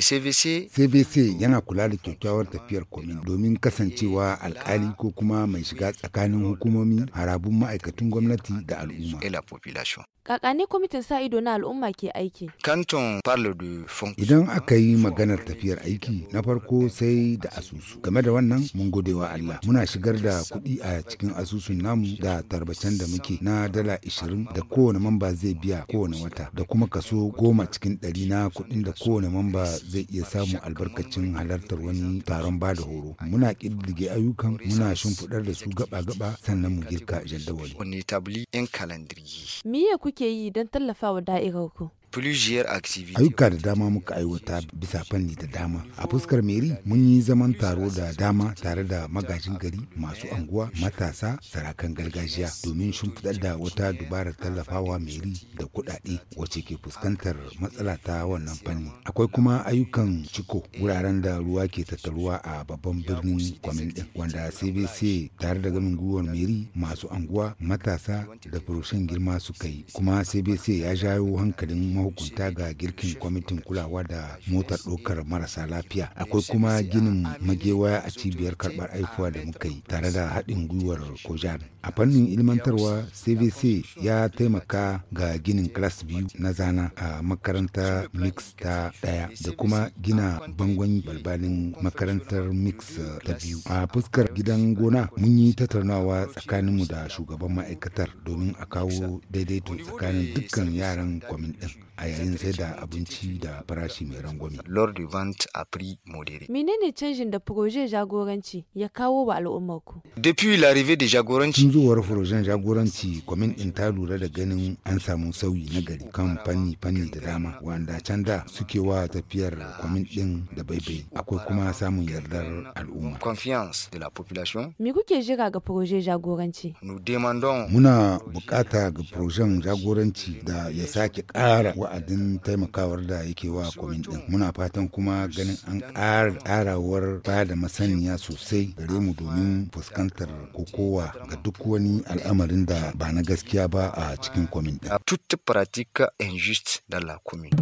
CVC yana kula da kyakkyawar tafiyar komin domin kasancewa alkali ko kuma mai shiga tsakanin hukumomi harabun ma'aikatun gwamnati da al'umma. Kakani kwamitin sa ido na al'umma ke aiki. Kanton Idan aka yi maganar tafiyar aiki na farko sai da asusu. Game da wannan mun gode wa Allah. Muna shigar da kuɗi a cikin asusun namu da tarbacen da muke na dala ishirin da kowane mamba zai biya kowane wata da kuma kaso goma cikin ɗari na kuɗin da kowane mamba zai iya samun albarkacin halartar wani taron ba da horo. Muna ƙididdige ayyukan muna shimfiɗar da su gaba-gaba sannan mu girka jadawali. kuke yi don tallafa wa ku? ayyuka da dama muka aiwata bisa fanni da dama a fuskar meri mun yi zaman taro da dama tare da magajin gari masu anguwa matasa sarakan gargajiya domin shimfiɗar da wata dubarar tallafawa meri da kuɗaɗe wacce ke fuskantar matsala ta wannan fanni akwai kuma ayyukan ciko wuraren da ruwa ke tattaruwa a babban birnin kwamin din wanda cbc tare da gamin gwiwar meri masu anguwa matasa da furoshin girma suka yi kuma cbc ya jayo hankalin mahukunta ga girkin kwamitin kulawa da motar ɗaukar marasa lafiya akwai kuma ginin magewa a cibiyar karbar aifuwa da muka yi tare da haɗin gwiwar kojan a fannin ilmantarwa cvc ya taimaka ga ginin class biyu na zana a makaranta mix ta ɗaya da kuma gina bangon balbalin makarantar mix ta biyu a fuskar gidan gona mun yi tattaunawa tsakaninmu da shugaban ma'aikatar domin a kawo daidaito tsakanin dukkan yaran kwamin ɗin a yayin sai da abinci da farashi mai rangwami Lord Vant a Prix Modere. Menene canjin da Projet Jagoranci ya kawo wa al'ummar ku? Depuis l'arrivée de Jagoranci. Tunzuwar Projet Jagoranci kwamin in ta lura da ganin an samu sauyi na gari kan fanni fanni da dama wanda can da suke wa tafiyar kwamin din da baibai akwai kuma samun yardar al'umma. Confiance de la population. Me kuke jira ga Projet Jagoranci? Nous demandons. Muna bukata ga Projet Jagoranci da ya sake ƙara wa'adin taimakawar da yake wa kwamin din muna fatan kuma ganin an ƙara ƙarawar ba da masaniya sosai gare mu domin fuskantar kokowa ga duk wani al'amarin da ba na gaskiya ba a cikin kwamin din tutti pratique injust da la commune.